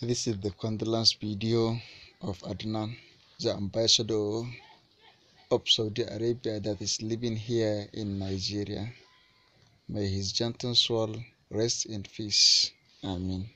This is the condolence video of Adnan, the ambassador of Saudi Arabia that is living here in Nigeria. May his gentle soul rest in peace. Amen.